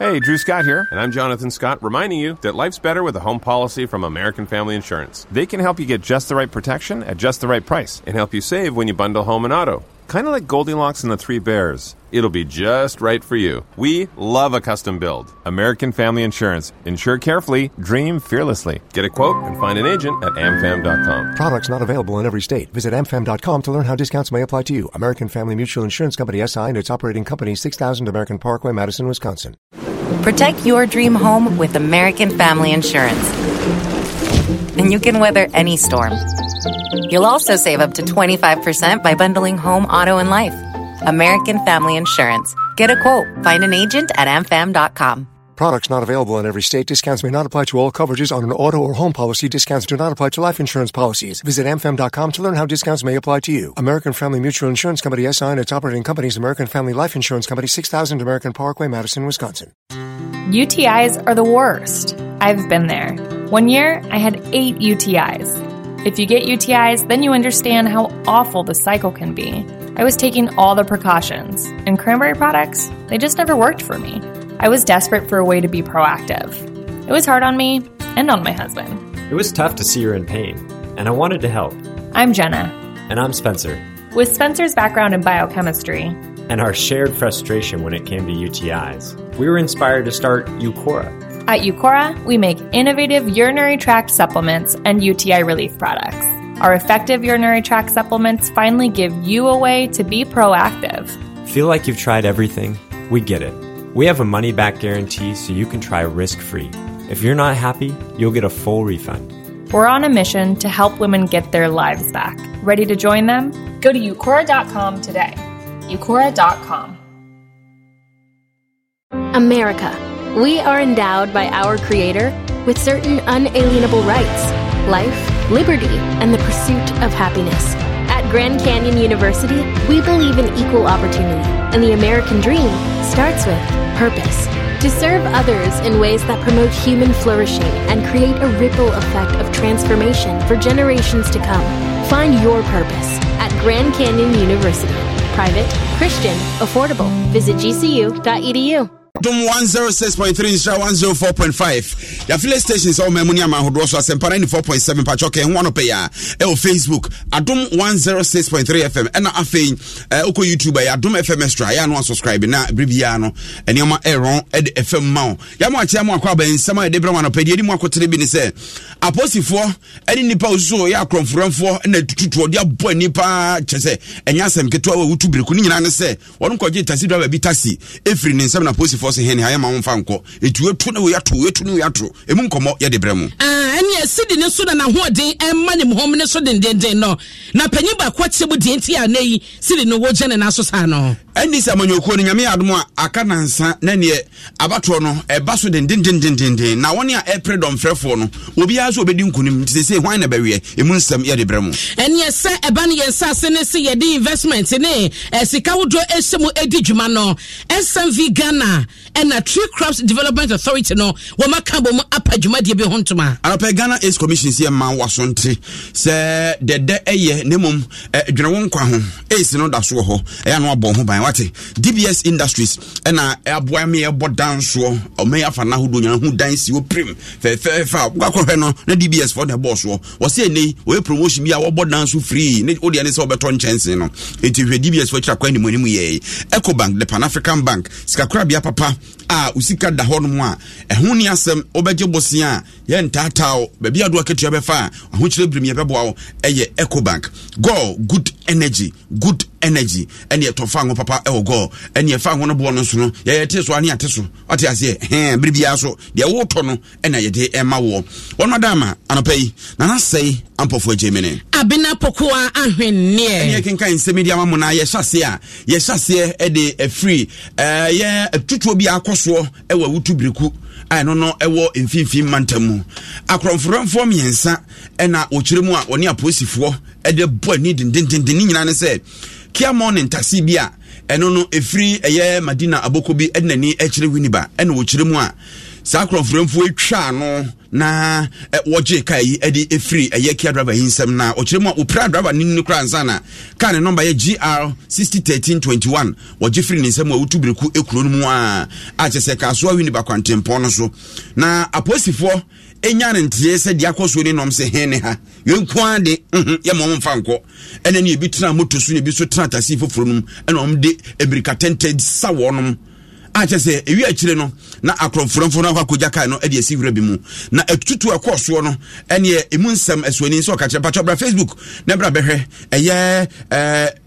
Hey, Drew Scott here. And I'm Jonathan Scott, reminding you that life's better with a home policy from American Family Insurance. They can help you get just the right protection at just the right price and help you save when you bundle home and auto. Kind of like Goldilocks and the Three Bears. It'll be just right for you. We love a custom build. American Family Insurance. Insure carefully, dream fearlessly. Get a quote and find an agent at amfam.com. Products not available in every state. Visit amfam.com to learn how discounts may apply to you. American Family Mutual Insurance Company SI and its operating company 6000 American Parkway, Madison, Wisconsin. Protect your dream home with American Family Insurance. And you can weather any storm. You'll also save up to 25% by bundling home, auto, and life. American Family Insurance. Get a quote. Find an agent at amfam.com. Products not available in every state. Discounts may not apply to all coverages on an auto or home policy. Discounts do not apply to life insurance policies. Visit amfam.com to learn how discounts may apply to you. American Family Mutual Insurance Company SI and its operating companies, American Family Life Insurance Company, 6000 American Parkway, Madison, Wisconsin. UTIs are the worst. I've been there. One year, I had eight UTIs. If you get UTIs, then you understand how awful the cycle can be. I was taking all the precautions, and cranberry products, they just never worked for me. I was desperate for a way to be proactive. It was hard on me and on my husband. It was tough to see her in pain, and I wanted to help. I'm Jenna. And I'm Spencer. With Spencer's background in biochemistry, and our shared frustration when it came to UTIs, we were inspired to start Eucora. At Eucora, we make innovative urinary tract supplements and UTI relief products. Our effective urinary tract supplements finally give you a way to be proactive. Feel like you've tried everything? We get it. We have a money back guarantee so you can try risk free. If you're not happy, you'll get a full refund. We're on a mission to help women get their lives back. Ready to join them? Go to eucora.com today. eucora.com. America. We are endowed by our Creator with certain unalienable rights life, liberty, and the pursuit of happiness. At Grand Canyon University, we believe in equal opportunity, and the American dream starts with purpose. To serve others in ways that promote human flourishing and create a ripple effect of transformation for generations to come. Find your purpose at Grand Canyon University. Private, Christian, affordable. Visit gcu.edu. dom 106.3 nhyira 104.5 yɛafile stations a woma mu ne ama ahodoɔ so asɛmpa 94.7 patwɔ kɛ ho anɔpɛyi a ɛwɔ facebook adom 106.3 fm ɛna afei wokɔ youtube a adom fm extra ya ano subscribe na berɛ no ɛnneɛma e ɛrɔn e de fm ma o yɛama ben, akyea mu akɔ abɛnsɛm a yɛde berɛ mu anɔpɛdeɛ di mu akɔtere bi ne sɛ aposifoɔ ne nnipa osuso yɛ akorɔmforamfoɔ e na tututoɔ de abɔ ani paa kyɛ sɛ ɛnyɛ asɛm ketewa wɔ wotu biriko ne nyinaa ne sɛ wɔno kɔgye tasi driver bi tasi ɛfiri ne nsɛm na aposifoɔ ɔse hɛne ayɛ ma wo mfa nkɔ ɛti wɛtu ne woyɛato wɛtu ne woyɛato ɛmu nkɔmmɔ yɛde brɛ mu ɛne asidi ne so na nahoɔden ɛma ne muhɔm ne so dendenden no na panyin baako akyerɛ mu deɛ nti a na yi sidi no wɔgya ne naso saa no ɛni sɛ amanyokuo no nyame yɛ adom a aka nansa na neɛ abatoɔ no ɛba so dendendendendenden na wɔne a ɛpere dɔmfrɛfoɔ no obiara sɛ obɛdi nkonim nti sɛ sɛ hwan na bɛweɛ ɛmu nsɛm yɛde brɛ mu ɛneɛ sɛ ɛba no yɛnsa ase ne se yɛde investment ne sika wodoɔ ɛhyɛ mu ɛdi dwuma no smv ghana ɛna tree crops development authority no wɔma ka bɔ mu apa dwumadeɛ bi ho ntoma arapɛ ghana ace commission sɛ ma So nte sɛ dɛdɛ ɛyɛ ne mmom dwene wo nkwa ho ace no da soɔ hɔ ɛyɛ no abɔ ho ban wate dbs industries ɛna aboa me ɛbɔ dansoɔ ɔmɛyɛ afa no ahodoɔ nyana ho dan si wɔ prim fɛfɛɛfɛ a wokakɔhwɛ no na dbs fɔ ne ɛbɔɔ soɔ wɔsɛ ɛnei ɔyɛ promotion bi a wɔbɔ danso free ne wodeɛ ne sɛ wɔbɛtɔ nkyɛnsee no enti hwɛ dbs fɔ kyerɛ kwa animuanim yɛi ecobank the pan african bank sikakorabea papa pa a osika da hɔ nom a ɛho ne asɛm wobɛgye bosea a yɛntaataa wo baabi adoa katua bɛfa a ahokyerɛ birim yɛbɛboa wo ɛyɛ ecobank go good energy good energy ɛne to ho papa ɛwɔ gɔɔ ɛne ɛfa ho no boɔ no nso no yɛyɛ te so ane ate so ɔte aseɛ hɛn bere so deɛ wotɔ no ɛna yɛde ɛma woɔ wɔn ada ama anɔpa yi nana sɛe ampɔfo agye mi ne. abena pokoa ahwenneɛ. ɛne yɛkenkan nsɛm di ama mo na yɛhyɛ aseɛ a yɛhyɛ aseɛ ɛde ɛfiri ɛyɛ ɛtutuo bi akɔsoɔ ɛwɔ awutu biriku a ɛno ɛwɔ mfimfin mantam mu akorɔmforamfoɔ mmiɛnsa ɛna wɔkyerɛ mu a wɔne apolisifoɔ ɛde bɔ ani dendendenden ne nyinaa ne sɛ kia morning taxi bi a ɛno no ɛfiri ɛyɛ madina aboko bi ɛde n'ani akyerɛ winiba ɛna wɔkyerɛ mu a saa korɔmforamfoɔ atwa no na wɔgye kaa yi de ɛfiri ɛyɛ kia driver yi nsɛm na ɔkyerɛ mu a ɔpira driver no no kora na kaa ne nɔmba yɛ gr 601321 wɔgye firi ne nsɛm a wotu bereku kuro no mu a akyɛ sɛ kaasoa winiba kwantempɔn no so na apolisifoɔ ɛnya ne nteɛ sɛ deɛ akɔ so ne nɔm sɛ he ne ha yɛnkoa de yɛma ɔmfa nkɔ ɛne ne yɛbi tena moto so ne bi so tena tasii foforɔ nom ɛna ɔm de abirikatɛntɛ sa wɔ nom akyɛ ah, sɛ ɛwi akyire no na akorɔmforɔmfo no akɔ akɔgya kae no de asi werɛ bi mu na atutu ɛkɔɔ soɔ no ɛneɛ ɛmu nsɛm asuani sɛ ɔka kyerɛ patwɛ bra facebook na bra bɛhwɛ ɛyɛ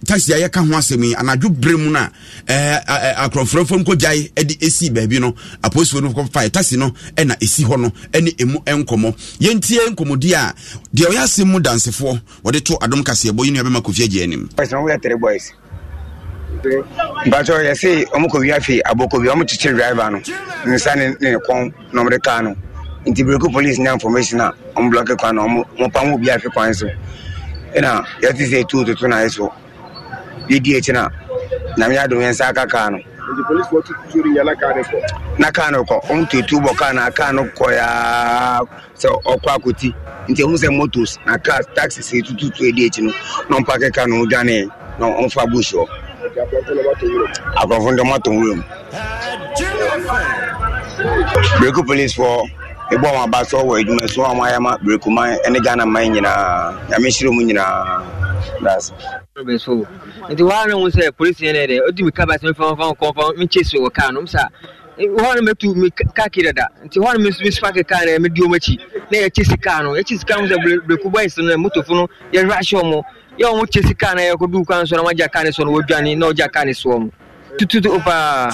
taxi a yɛka ho asɛm yi anadwo berɛ mu no a akorɔmforɔmfo nkɔgyae de ɛsii baabi no apolisifoɔ no kɔfae taxi no ɛna ɛsi hɔ no ne ɛmu nkɔmmɔ yɛntie nkɔmmɔdi a deɛ ɔyɛ asɛm mu dansefoɔ wɔde to adom kaseɛbɔ yi nua bɛma mpatsɔ yɛsi ɔmu kɔ wia driver no nsa ne ne kɔn na ɔmu de kaa no nti bereko police nya information a ɔmu blɔki kwan na ɔmu ɔmu bi afi kwan so ɛna sɛ etu na ekyi na nyame adum yɛn nsa aka kaa no. nti polisi wɔ tutu kaa ne kɔ. na kaa ne kɔ bɔ kaa na kaa kɔ yaa sɛ ɔkɔ nti sɛ motos na kaa taxi sɛ edi ekyi no na kaa akɔfo ndɔm ato nwuram breku police fɔ ebɔ wɔn aba sɔ wɔ edwuma so wɔn ayɛ ma breku man ɛne ghana man nyinaa nyame hyerɛ mu nyinaa that's nti waa ne ho sɛ polisi yɛn dɛ odi mi ka ba sɛ mefa mefa nkɔmfa mekyɛ si wɔ kaa no msa hɔ no mɛtu me kaa ki dada nti hɔ no mesfake kaa no medi ɔm akyi na yɛkyɛ si kaa no yɛkyɛ si kaa no sɛ breku boys no motofo no yɛhwɛ ahyɛ ɔmo yɛ wɔn kyɛ sika na yɛ kɔ du kwan so na wɔn agya kaa ne so na wɔadwane na wɔgya kaa ne soɔ mu tututu o paa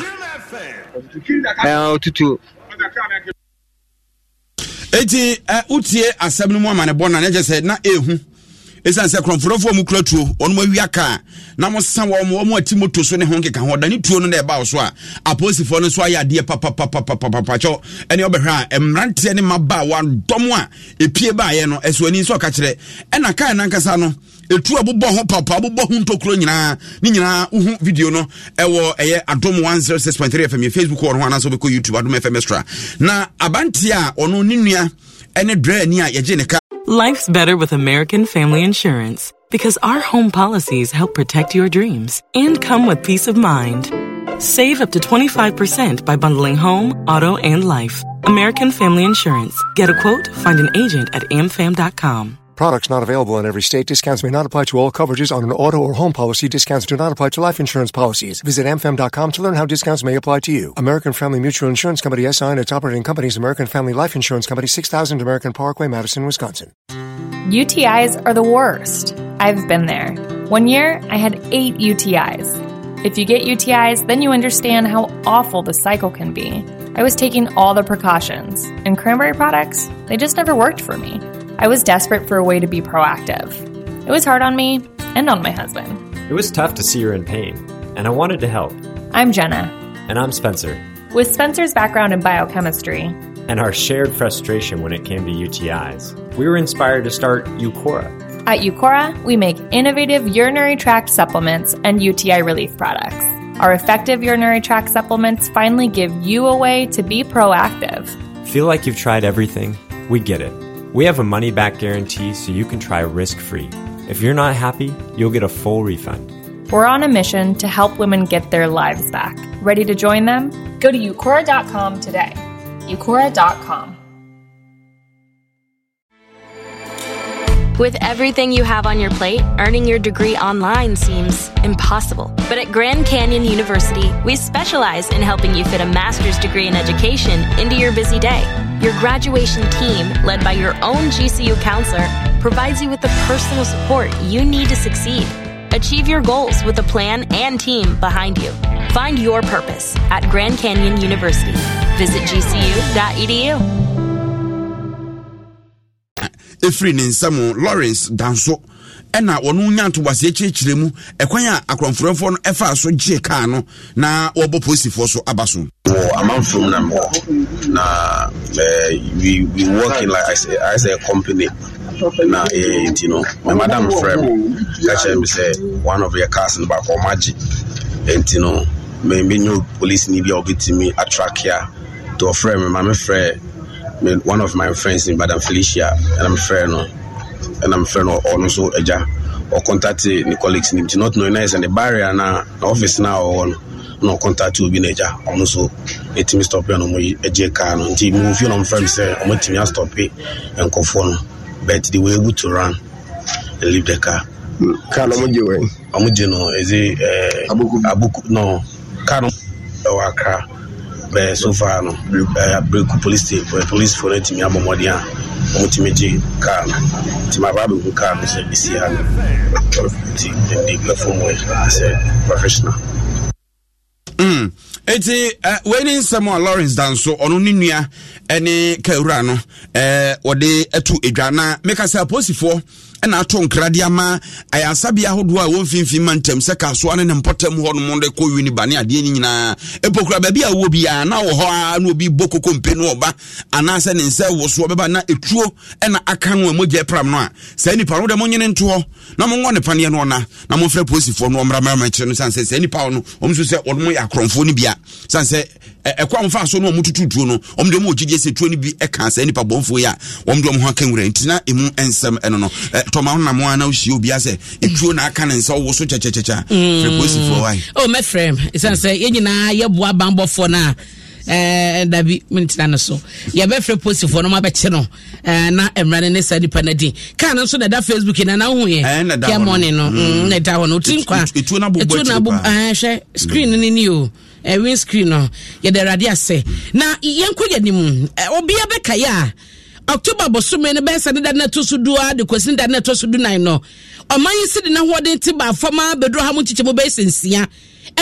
ɛɛ otutu. eti ɛ utie asɛm no mu ama bɔ na ne kyɛ sɛ na ehu ɛsiane sɛ kurɔmforofoɔ mu kura tuo ɔnom awia kaa na mosa wɔ m ɔmo ati moto so ne ho nkeka ho ɔdane tuo no na ɛbaa so a apolisifoɔ no nso ayɛ adeɛ papapapapapakyɛw ɛne ɔbɛhwɛ a eh, mmeranteɛ ne mmabaa wadɔm a ɛpie e baayɛ no ɛso e ani nso ɔka kyerɛ ɛna e kaa nankasa no ɛtu abobɔ ho papa abobɔ ho ntokuro nyinaa ne nyinaa wohu video no ɛwɔ ɛyɛ adom 106.3 fm facebook wɔ no ho anaasɛ wobɛkɔ youtube adom fm na a ɔno ne nua ɛne drɛani a yɛgye ne ka life's better with american family insurance because our home policies help protect your dreams and come with peace of mind Save up to 25% by bundling home, auto, and life. American Family Insurance. Get a quote, find an agent at amfam.com. Products not available in every state. Discounts may not apply to all coverages on an auto or home policy. Discounts do not apply to life insurance policies. Visit mfm.com to learn how discounts may apply to you. American Family Mutual Insurance Company SI and its operating companies American Family Life Insurance Company 6000 American Parkway, Madison, Wisconsin. UTIs are the worst. I've been there. One year, I had 8 UTIs. If you get UTIs, then you understand how awful the cycle can be. I was taking all the precautions, and cranberry products, they just never worked for me. I was desperate for a way to be proactive. It was hard on me and on my husband. It was tough to see her in pain, and I wanted to help. I'm Jenna. And I'm Spencer. With Spencer's background in biochemistry and our shared frustration when it came to UTIs, we were inspired to start Eucora. At Eucora, we make innovative urinary tract supplements and UTI relief products. Our effective urinary tract supplements finally give you a way to be proactive. Feel like you've tried everything? We get it. We have a money back guarantee so you can try risk free. If you're not happy, you'll get a full refund. We're on a mission to help women get their lives back. Ready to join them? Go to eucora.com today. eucora.com. With everything you have on your plate, earning your degree online seems impossible. But at Grand Canyon University, we specialize in helping you fit a master's degree in education into your busy day. Your graduation team, led by your own GCU counselor, provides you with the personal support you need to succeed. Achieve your goals with a plan and team behind you. Find your purpose at Grand Canyon University. Visit gcu.edu. Efiri ne nsa Lawrence Danso ɛna wɔno nya ntoboaseɛ kyerɛkyerɛ mu ɛkwan a akɔmforɛfoɔ no ɛfaa so gyee kar no na wɔbɔ polisifoɔ so aba so wɔ amanfom na mewɔ na eh, we, we working like as a, as a company na ɛyɛ eh, nti no my madam frɛ me ka kyerɛ me sɛ one of your cars no baakɔ ɔma agye ɛnti no mebɛnya policeni bi a wɔbɛtumi atrakia nti ɔfrɛ me ma mefrɛ one of my friends in madam felicia ɛna mefrɛ no na mfe no ɔno nso ọ ɔcontate ne colleagues no not na ɛsɛ ne barrier na na office na ɔwɔ no na ɔcontate obi no agya ɔno nso ɛtumi stɔpe no ɔmɔgye kaa no nti mufie no ɔmfrɛ me sɛ no but they were able to run and leave the car kaa no no eh, kaa no bɛɛ so far no breku police state policefoɔ no atumi abɔ mmɔden a wɔmutumi gye car no nti maba abɛhu car no sɛ ɛsi ha no nti ɛde plafom wɛ sɛ professional mm. eti eh, wei ne nsɛm a lawrence danso ɔno ne nua eh, ne kawura no eh, wɔde ato adwa na meka sɛ aposifoɔ ɛna ato nkrade ama ayasabi ahodoɔ a ɛwɔ mfimfini ma ntɛm sɛ kasoa ne ne mpɔtam hɔ nom de kɔ wini ba ne adeɛ no nyinaa ɛpokura baabi a biaa na wɔ hɔ a na obi bɔ koko mpe no ɔba anaasɛ ne nsɛ wosoɔ bɛba na ɛtuo ɛna aka no a mogya pram no a saa nnipa no dɛ monyene ntoɔ na mongɔ ne paneɛ no ɔna na momfrɛ posifoɔ no ɔmmramramakyerɛ no sane sɛ saa nnipa no ɔm so sɛ ɔnom yɛ akorɔmfoɔ no bia sane sɛ ɛkɔ a wɔfa so no ɔmo tutu tuo no ɔmo deɛ ɔmo gyegye sɛ tuo no bi ɛka sɛ nipa bɔnfo yi a ɔmo deɛ ɔmo ho aka nwura nti na emu nsɛm ɛno no tɔma ho nam ana ohyia obi asɛ etuo na aka ne nsa ɔwɔ so kyɛkyɛkyɛkyɛ fɛ mm. polisifoɔ wa yi. o oh, mɛfrɛ m ɛsiane sɛ yɛn nyinaa yɛboa banbɔfoɔ no a dabi mentena no so yɛbɛfrɛ posifoɔ no mabɛkye no na mmara no ne saa nipa no din kar no nso na ɛda facebook na nawohuyɛ kiamɔne no mm. Mm, na ɛda hɔ no ɔtim kwa ɛtuo no hwɛ screen no ni o uh, windscreen no yɛde awurade ase na yɛnkɔ yɛ nim eh, obia bɛkaeɛ a october bosome no bɛyɛ sɛ ne da no ɛto so du a de kwasi da no ɛto so du nan no ɔman yi si de na hoɔden te baafam a bɛduru ha mu nkyekyɛ mu bɛyɛ sɛ nsia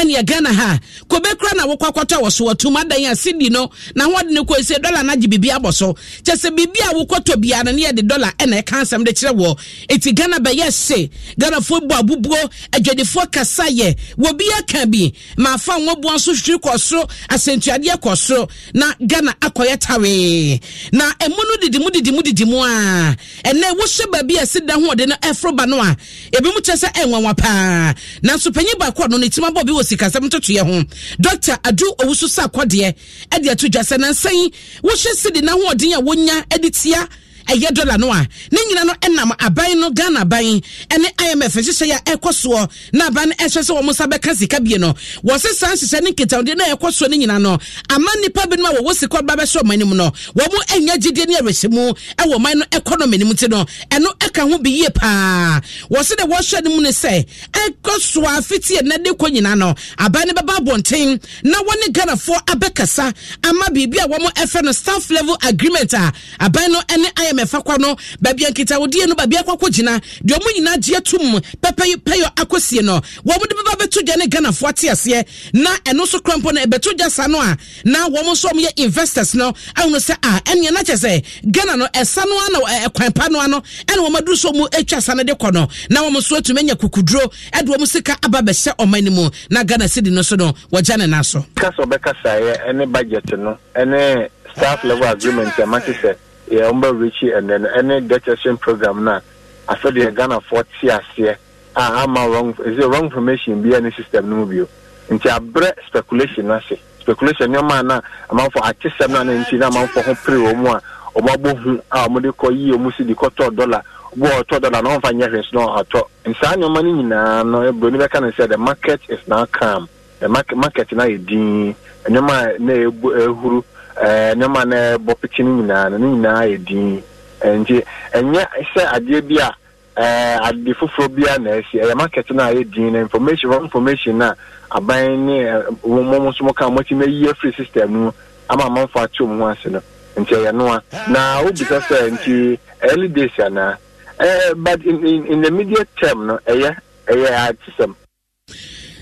ɛne ghana ha kobe kora na wokɔ akɔtɔ wɔ so wɔtom adan a sidi no na wɔde no kɔe sɛ dɔla no agye biribi abɔ so kyɛ sɛ biribi a wokɔtɔ biara no ne yɛde dɔla ɛna ɛka asɛm de kyerɛ wɔ ɛti ghana bɛyɛ se ghanafoɔ bɔ abubuo adwadifoɔ kasa yɛ wɔbi aka bi maafa wɔboa nso hwiri kɔ soro asɛntuadeɛ kɔ soro na ghana akɔyɛ tawee na ɛmu no didi mu didi mu didi mu a ɛnɛ wohyɛ baabi a ɛsi da hoɔden no ɛforo ba no a ebi mu kyerɛ sɛ ɛnwanwa paa nanso panyin baako a no ne tim abɔ bi wɔ sikasɛm ntotoeɛ ho dɔkta adu owusu sa akɔdeɛ ɛde ato dwa sɛ nansa yi wohyɛ sede n'ahoɔden a wɔnya de tia ɛyɛ dɔla no a ne nyina no ɛnam aban no ghana aban ɛne imf nhyehyɛ yɛ ɛkɔ soɔ na aban no ɛhyɛ sɛ wɔn nsa bɛka sika bie no wɔn sɛ saa nhyehyɛ ne nketahodeɛ na ɛkɔ soɔ ne nyina no ama nipa binom a wɔwɔ sika ɔba bɛhyɛ ɔman anim no wɔn ɛnya gyidie ne ɛrɛhyɛ mu ɛwɔ ɔman no ɛkɔnɔmi anim ti no ɛno ɛka ho bi yie paa wɔn sɛ deɛ wɔhyɛ no mu ne sɛ ɛkɔ soɔ afitie na ɛde kɔ nyina no aban no bɛba abɔnten na wɔne ghanafoɔ abɛkasa ama biribi a wɔn ɛfɛ no staff level agreement a aban no ɛne imf time ɛfa kɔ no baabi a nkitawodie no baabi akɔ akɔ gyina deɛ ɔmo nyinaa gye atum pɛpɛyɔ akɔsie no wɔn de bɛba bɛto gya ne ghanafoɔ ate aseɛ na ɛno nso kora mpo no ɛbɛto gya sa no a na wɔn nso yɛ investors no ahono sɛ a ɛnea na kyɛ sɛ ghana no ɛsa no ano ɛkwan e, e, pa no ano ɛna wɔn aduru so ɔmo atwa e sa no de kɔ no na wɔn nso atumi anya kukuduro ɛde wɔn sika aba bɛhyɛ ɔman no mu na ghana sidi no so no wɔgya ne nan so. kasa ɔbɛkasa yɛ ɛne budget no ɛne staff level agreement ɛma ti sɛ yɛ mba rechi ɛnɛ no ɛne debt exchange program n'a a afɛdeɛ ghanafoɔ te aseɛ a ama wrong ɛsɛ wrong information bi ne system no mu bio nti abrɛ speculation no ase speculation nneɛma na amanfoɔ ati sɛm no a na nti na amanfoɔ ho pere wɔ mu a ɔmo abɔ hu a ɔmo de kɔ yie ɔmo si de kɔtɔ dɔla ɔbɔ ɔtɔ dɔla na ɔmfa nyɛ hwɛ so na ɔtɔ nsaa nneɛma no nyinaa no buroni bɛka no sɛ the market is now calm the market market na yɛ dinn nneɛma a na ɛhuru nneɛma eh, no ɛbɔ pete no nyinaa no ne nyinaa yɛ din eh, nti ɛnyɛ sɛ adeɛ bi a eh, ade foforɔ bi a na ɛsi ɛyɛ market no a yɛ din no information wrong information no aban ne wɔn nso ka mo ka wɔtumi ayi free system no ama amanfo ato wɔn ho ase no nti ɛyɛ noa na obi sɛ nti early days ana ɛɛ but in in in the immediate term no ɛyɛ ɛyɛ ati sɛm.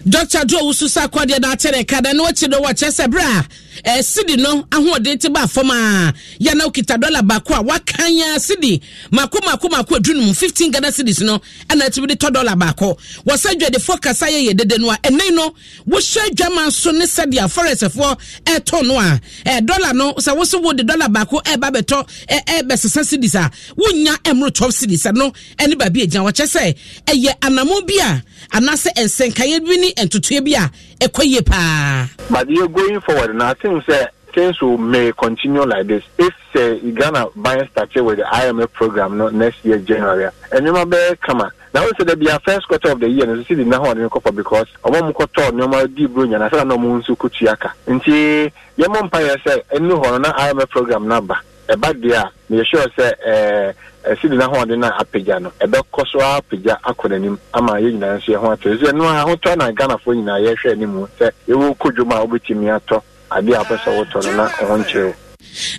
dɔkta do owusu sakɔ deɛ na akyerɛ ka na n'o ti no wɔ kyɛ sɛ bere ɛɛ eh, sidi no ahoɔden te ba fam a yɛn na okita dɔla baako a wakanya sidi mako mako mako dunum fifteen ghana cedis no ɛna ɛtumi de tɔ dɔla baako wɔsɛ dwadefo kasa yɛ yɛ dede no a ɛnɛn no wohyɛ dwama so ne sɛdeɛ forestfoɔ ɛɛtɔ no a ɛɛ eh, dɔla no sɛ woso wo de dɔla baako ɛɛba bɛtɔ eh, ɛɛ bɛsesa cedis a wonya ɛmoro twelve cedis no ɛne baabi egyina wɔkyɛ sɛ ɛyɛ anamo bi a anaasɛ nsɛnkaeɛ ɛkɔ yie paa. but you're going forward na i think say things will may continue like this if say uh, ghana buy start with the imf program no, next year january ɛnneɛma bɛyɛ kama na o sɛ dɛbi a first quarter of the year no sisi di na hɔn kɔpɔ because ɔmo mu kɔtɔ nneɛma di buro nyana sɛ na ɔmo nso kutua ka nti yɛn mo mpa yɛ sɛ ɛnu hɔ no na imf program na ba ɛba deɛ a na sure sɛ ɛsidi na ahoɔden na apagya no ɛbɛkɔ so apagya akɔ n'anim ama yɛn nyinaa nso yɛ ho atɔ ɛsɛ no ahotɔ na ghanafoɔ nyinaa yɛhwɛ anim sɛ ɛwɔ kɔ dwom a wobɛtumi atɔ adeɛ a wopɛ sɛ wotɔ no na ɔho nkyerɛ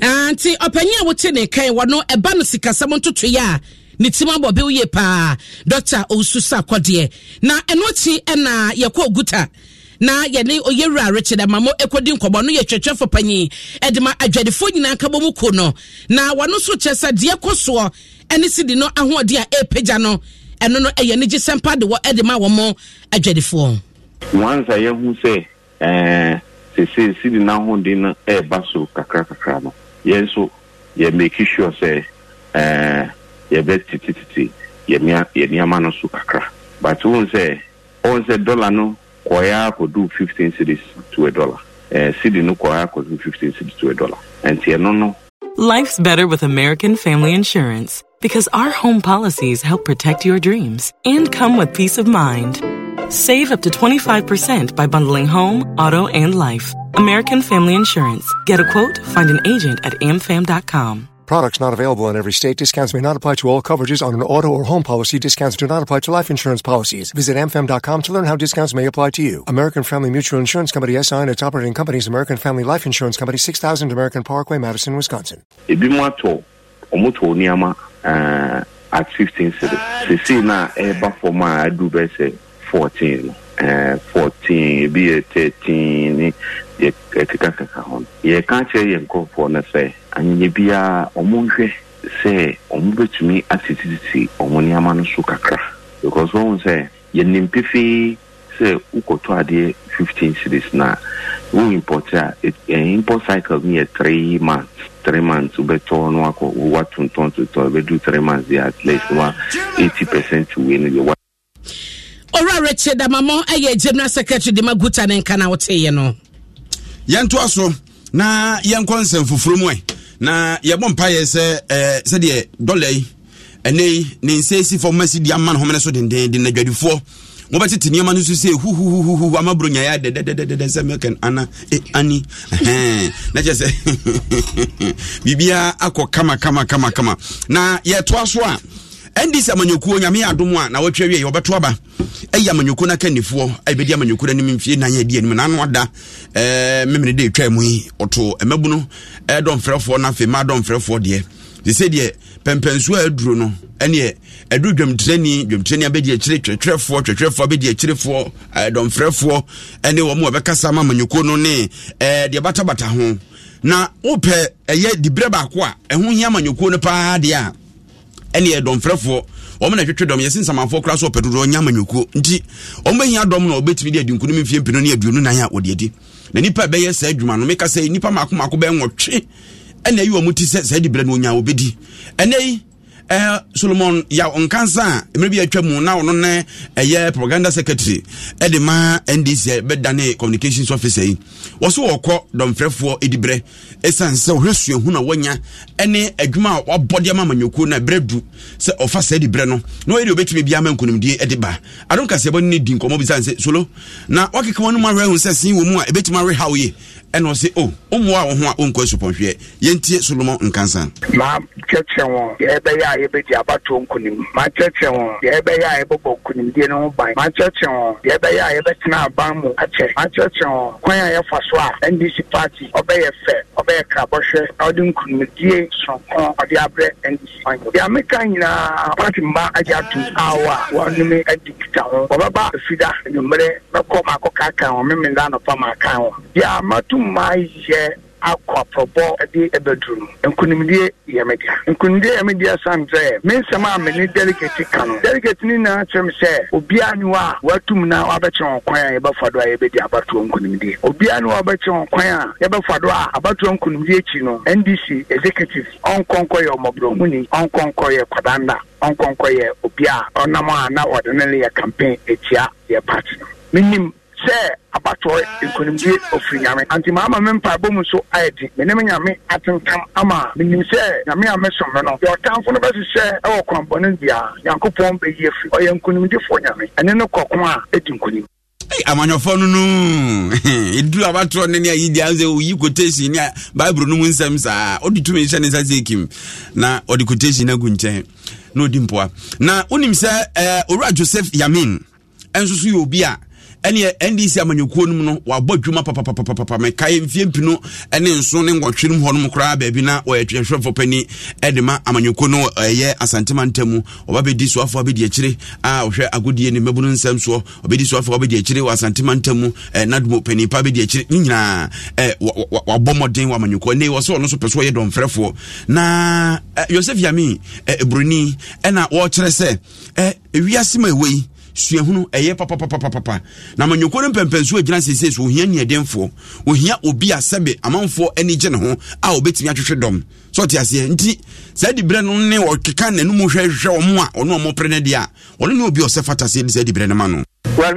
wo nti ɔpanyin a wote ne kan wɔno ɛba no sikasɛm ntotoeɛ a ne tim abɔ bɛ woyie paa dɔkta owusu sa na ɛno akyi ɛna yɛkɔ oguta na yɛne yɛwura rekye dɛ ɛkɔdi no yɛ twɛtwɛfo ma adwadifoɔ nyinaa mu ko no na wɔno kyɛ sɛ deɛ kɔ soɔ ɛne sidi no ahoɔden a ɛrepagya no ɛno no ɛyɛ ne gye sɛmpa de wɔ ɛde ma mo adwadifoɔ wansa yɛhu sɛ ɛɛ sese sidi no no eh, ɛreba so kakra kakra no yɛn nso yɛ make sure sɛ ɛɛ yɛbɛ yɛ nneɛma no so kakra but wɔn sɛ wɔn sɛ dɔla no akɔdu 15 cities to a dollar uh, no akɔdu 15 cities to a dollar no Life's better with American Family Insurance because our home policies help protect your dreams and come with peace of mind. Save up to 25% by bundling home, auto, and life. American Family Insurance. Get a quote, find an agent at amfam.com. Products not available in every state. Discounts may not apply to all coverages on an auto or home policy. Discounts do not apply to life insurance policies. Visit amfam.com to learn how discounts may apply to you. American Family Mutual Insurance Company SI and its operating companies American Family Life Insurance Company 6000 American Parkway, Madison, Wisconsin. Ebi eh, at fifteen Sisi na ẹba fourteen eh, fourteen thirteen anyanya biara ɔmo nhwɛ sɛ ɔmo bɛtumi asisisisi ɔmo nneɛma no so kakra because wɔn sɛ yɛnim pefee sɛ wokɔtɔ adeɛ fifteen series na wo import a eh, import cycle no yɛ three months three months wobɛtɔ no akɔ wowa tontɔn tontɔn ɛbɛdu three months yɛ at least wa eighty percent wei no yɛwa ɔwura rekyɛ damamɔ ɛyɛ general secretary de ma guta ne nka na woteyɛ no yɛntoa so na yɛnkɔ nsɛm foforɔ mu ɛ na yɛbɔ mpayɛ sɛ eh, sɛdeɛ dɔla yi ɛnɛ ne nsa si fam asi di ama no homene so dendenden na adwadifoɔ mobɛtete nneɛma no so sɛ huhuhuhuhu ama bro nyaeɛ dɛdɛdɛdɛdɛ sɛ mɛkɛn ana e ani na kyɛ sɛ biribiaa akɔ kama kama kama kama na yɛtoa so a ndc amanyokuo nyame adom a na wɔtwa wie wɔbɛto aba ayi amanyokuo no aka nnifoɔ ɛbɛdi amanyokuo no anim mfie nan adi anim naano ada eh, memene de twa mu yi ɔto mmabu no dɔmfrɛfoɔ no afei ma dɔmfrɛfoɔ deɛ sɛ deɛ pɛmpɛnsuo a aduro no ɛneɛ ɛduru dwamtirani dwamtirani abɛdi akyire twɛtwerɛfoɔ twɛtwerɛfoɔ abɛdi akyirefoɔ dɔmfrɛfoɔ ɛne wɔn a wɔbɛkasa ma amanyokuo no ne eh, deɛ batabata ho na wopɛ ɛyɛ dibrɛ baako a ɛho hia amanyokuo no paa deɛ a ɛne ɛdɔmfrɛfoɔ wɔn na twetwe dɔm yɛsi nsamanfoɔ kora so ɔpɛdodoɔ nyɛ amanyɔkuo nti wɔn bɛhia dɔm na ɔbɛtumi de adi nkunim mfie mpino ne aduonu nan a wɔde adi na nipa a bɛyɛ saa adwuma no meka sɛ nipa mako mako bɛyɛ nwɔtwe ɛna ayi wɔn ti sɛ saa di berɛ no onya wɔbɛdi ɛnɛ yi eh, solomon yaw nkansa a mmerɛ bi atwa mu na ɔno ne ɛyɛ eh, propaganda secretary ɛde eh, ma ndc bɛdane communications officer yi wɔ so wɔkɔ dɔmfrɛfoɔ ɛdiberɛ ɛsiane sɛ wohwɛ suahu na wanya ɛne adwuma a wabɔ de ama amanyokuo no ɛberɛ du sɛ ɔfa saa ɛdiberɛ no na ɔyɛ deɛ wobɛtumi biaa ma nkonimdie ɛde ba adom kaseɛbɔ no ne di nkɔmmɔ bisane sɛ solo na wakeka wɔ no mu awerɛ hu sɛ sen wɔ mu a ɛbɛtumi awehaw ye ɛna ɔse o oh, ɔmmoa wo ho a ɔnkɔ asupɔnhwɛ yɛntie solomon nkansa na kyɛkyɛ wɔn ɛbɛyɛ a yɛbɛdi abato nkonim makyerɛkyerɛ wɔn deɛ ɛbɛyɛ a yɛbɛbɔ nkonimdie no ho ban makyerɛkyerɛ wɔn deɛ ɛbɛyɛ a yɛbɛtena aban mu akyɛ makyerɛkyerɛ wɔn kwan a yɛfa so a ndc party ɔbɛyɛ fɛ ɔbɛyɛ krabɔhwɛ na ɔde nkonimdie sonko ɔde abrɛ ndc pan deɛ meka nyinaa party mba agye atom awo a wɔnome adi kita ho wɔbɛba afida anwummerɛ mɛkɔ maakɔkaakan wɔn memenda anɔpa maakan wɔn deɛ mato mmaa yɛ akɔ aprɔbɔ de ɛbɛduru nkonimdie yɛ me dea yɛ san sɛ me nsɛm a me ne delegate ka no delegate ne nyinaa kyerɛ me sɛ obiara ne wɔ a na wabɛkyerɛ kwan a yɛbɛfa do a yɛbɛdi abatoɔ ne wɔ wabɛkyerɛ kwan a yɛbɛfa do a abatoɔ ndc executive ɔnkɔnkɔ yɛ ɔmɔborɔhuni ɔnkɔnkɔ yɛ kwadanda ɔnkɔnkɔ obi a ɔnam a na abatɔɛ nkonimdie ofiri nyame anti maama me mpaebɔ mu nso ayɛ di mene me nyame atentam ama menim sɛ nyame a mesom no no deɛ ɔtamfo no bɛhyehyɛ ɛwɔ kwanbɔne biaa nyankopɔn bɛyi afiri ɔyɛ nkonimdifoɔ nyame ɛne no kɔko a ɛdi nkonim Hey, amanyɔfo no no ɛduru abatoɔ no ne ayidi a sɛ ɔyi quotation ne bible no mu nsɛm saa ɔde tumi hyɛ ne nsa sɛ kim na ɔde quotation no agu nkyɛn na ɔdi mpoa na wonim sɛ eh, ɔwura joseph yamin ɛnso so yɛ obi a ɛneɛ ndc amanyakuo no mu no wabɔ dwuma papapapapa mekae mfie mpi no ne nso ne nwɔtwe no mu hɔ no mu koraa baabi na ɔyɛtwerɛhwɛfoɔ pani de ma amanyakuo no ɛyɛ asantema nta mu ɔba bɛdi soafoɔ abɛdi akyire a ɔhwɛ agodie ne mmabunu nsɛm soɔ ɔbɛdi soafoɔ abɛdi akyire wɔ asantema nta mu nadomo pani pa bɛdi akyire ne nyinaa wabɔ mmɔden wɔ amanyakuo ne wɔ sɛ ɔno nso pɛ so ɔyɛ dɔmfrɛfoɔ na yosef yami buroni ɛna wɔrekyerɛ sɛ wiase ma ɛwɔ yi suahunu ɛyɛ papapapapapa na amanyɔkuo no mpɛmpɛnso agyina seesei so ohia nneɛdenfoɔ ohia obi a sɛbe amanfoɔ ani gye ne ho a obɛtumi atwehwe dɔm sɛ ɔte aseɛ nti saa diberɛ no ne ɔkeka n'anum hwɛhwɛ ɔmo a ɔno ɔmɔpere no deɛ a ɔno ne obi ɔsɛ fata seɛ ne saa diberɛ no ma no well,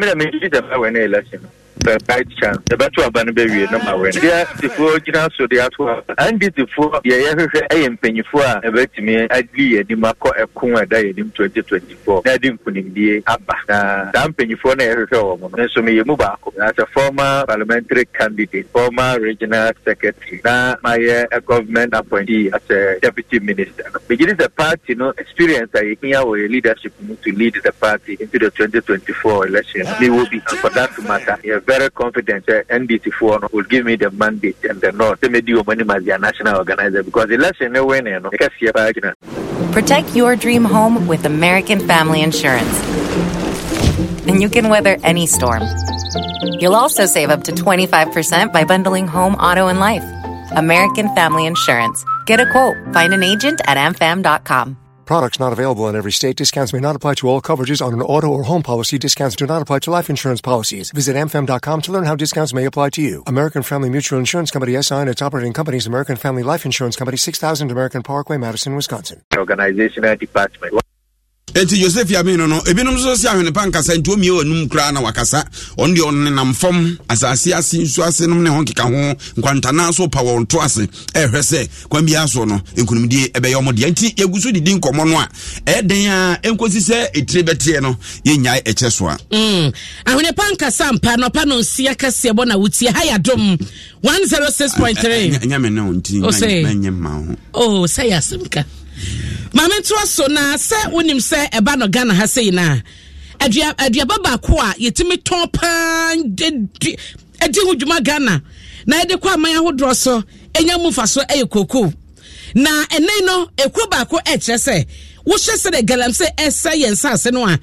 the right chance. The better abandon number one. Yeah, the four general so the atwa. And the four yeah, I am penny for a bet me at the Dimako a Kuma died in twenty twenty four. I didn't put him the Abba. I'm penny for an error. So me Mubako as a former parliamentary candidate, former regional secretary. Now my uh, government appointee as a deputy minister. Beginning the party, no experience I here with leadership to lead the party into the 2024 election. They ah, will be for that matter very confident that NDC4 will give me the mandate and the nod to make you money as their national organizer because election no winner, you know, because you Protect your dream home with American Family Insurance. And you can weather any storm. You'll also save up to 25% by bundling home, auto, and life. American Family Insurance. Get a quote. Find an agent at amfam.com. Products not available in every state. Discounts may not apply to all coverages on an auto or home policy. Discounts do not apply to life insurance policies. Visit mfm.com to learn how discounts may apply to you. American Family Mutual Insurance Company SI and its operating companies American Family Life Insurance Company 6000 American Parkway, Madison, Wisconsin. Organization department enti yosef yamino no ebinom nso si ahwene pa nkasa nti omie w'anum koraa na wakasa ɔno deɛ ɔnenam fam asase ase nsu ase nom ne ho nkeka ho nkwantana so pa wɔn to ase ɛhwɛ sɛ kwan bi aso no nkunimdie ɛbɛyɛ ɔmo deɛ nti yɛgu so didi nkɔmmɔ no a ɛɛden a ɛnkosi sɛ ɛtire bɛteɛ no yɛnyae ɛkyɛ so a mm. ahwene pa nkasa mpa nɔpa no nsia kɛseɛ bɔ na wotie ha yɛadom 106.3 nyame ne wo nti ma ho oh, sɛ yɛ asɛm ka maame ntorɔ so na sɛ wonim sɛ ɛba no ghana ha sɛ yinaa aduaba baako a yɛtumi tɔn paa ɛdi ho dwuma ghana na yɛde kɔ aman ahodoɔ so ɛnya mu fa so ɛyɛ koko na ɛnɛ no ekuo baako ɛkyerɛ sɛ wohyɛ sɛ de galamsey ɛsɛ yɛn nsaase no a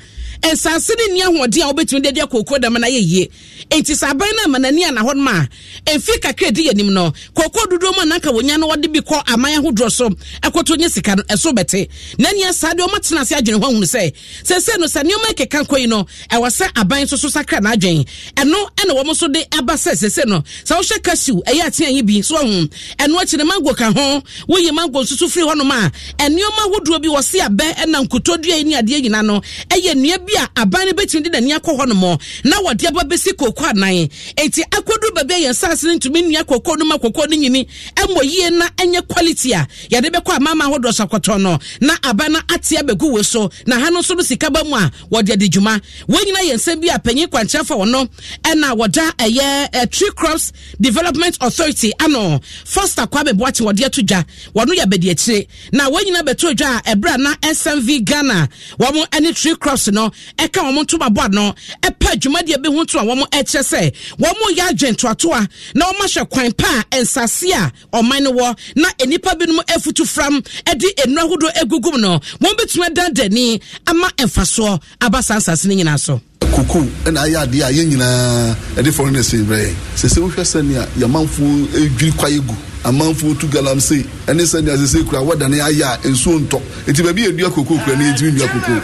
nsase ne ni ahoɔden a wobɛtumi de adi akookuro dɛm no ayɛ yie enti sɛ aban no amanani a nahɔ nom a ɛmfi kakra di yɛnim no kookoo dodoɔ mu a wɔnya no wɔde bi kɔ aman ahodoɔ so ɛkɔto nyɛ sika no ɛso bɛte na nea saa deɛ ɔmatena ase adwene ho ahunu sɛ sɛsɛ no sɛ nneɔma ɛkeka nkɔ yi no ɛwɔ sɛ aban so so sakra n'adwen ɛno ɛna wɔm so de aba sɛ sɛsɛ no sɛ wohyɛ kasiw ɛyɛ atea yi bi so ahu ɛno akyi no mango ka ho woyi mango nso so firi hɔnom a ɛnneɔma ahodoɔ bi wɔ se abɛ ɛna nkotodua yi ne adeɛ nyina no ɛyɛ nnua bi a aban no bɛtumi de n'ani akɔ hɔnom na wɔde aba bɛsi kooko anan eti akɔduru baabi a yɛn saase no ntumi nua koko no ma kooko no nyini ɛmɔ yie na ɛnyɛ quality a yɛde bɛkɔ amaama ahodoɔ so akɔtɔ no na aban no ate abɛgu wo so na ha no nso no sika ba mu a wɔde adi dwuma wɔn nyinaa yɛn nsɛm bi a panyin kwankyerɛfo wɔ no ɛna wɔda ɛyɛ ɛ tree crops development authority ano foster kwabe boakye wɔde ato dwa wɔn yɛ bɛdi akyire na wɔn nyinaa bɛto dwa a ɛbrɛ na smv ghana wɔn ne tree crops no ɛka wɔn ntoma board no ɛpɛ dwumadeɛ bi ho to a wɔn ɛkyɛ sɛ wɔn yɛ agye na wɔn ahyɛ kwan pa a nsase a ɔman no wɔ na nnipa binom afutu fram ɛde enu ahodoɔ egugu mu no wɔn bɛtumi dan dani ama mfasoɔ aba saa nsase no nyinaa so. koko ɛna ayɛ adeɛ a yɛn nyinaa ɛde foreigners brɛ yɛn sɛ sɛ wohwɛ sɛnea yɛmanfoɔ ɛdwiri kwaeɛ gu amanfoɔ tu galamsey ɛne sɛnea sɛsɛ kura wɔdane ayɛ a nsuo ntɔ nti baabi yɛdua koko kura ne yɛtumi dua koko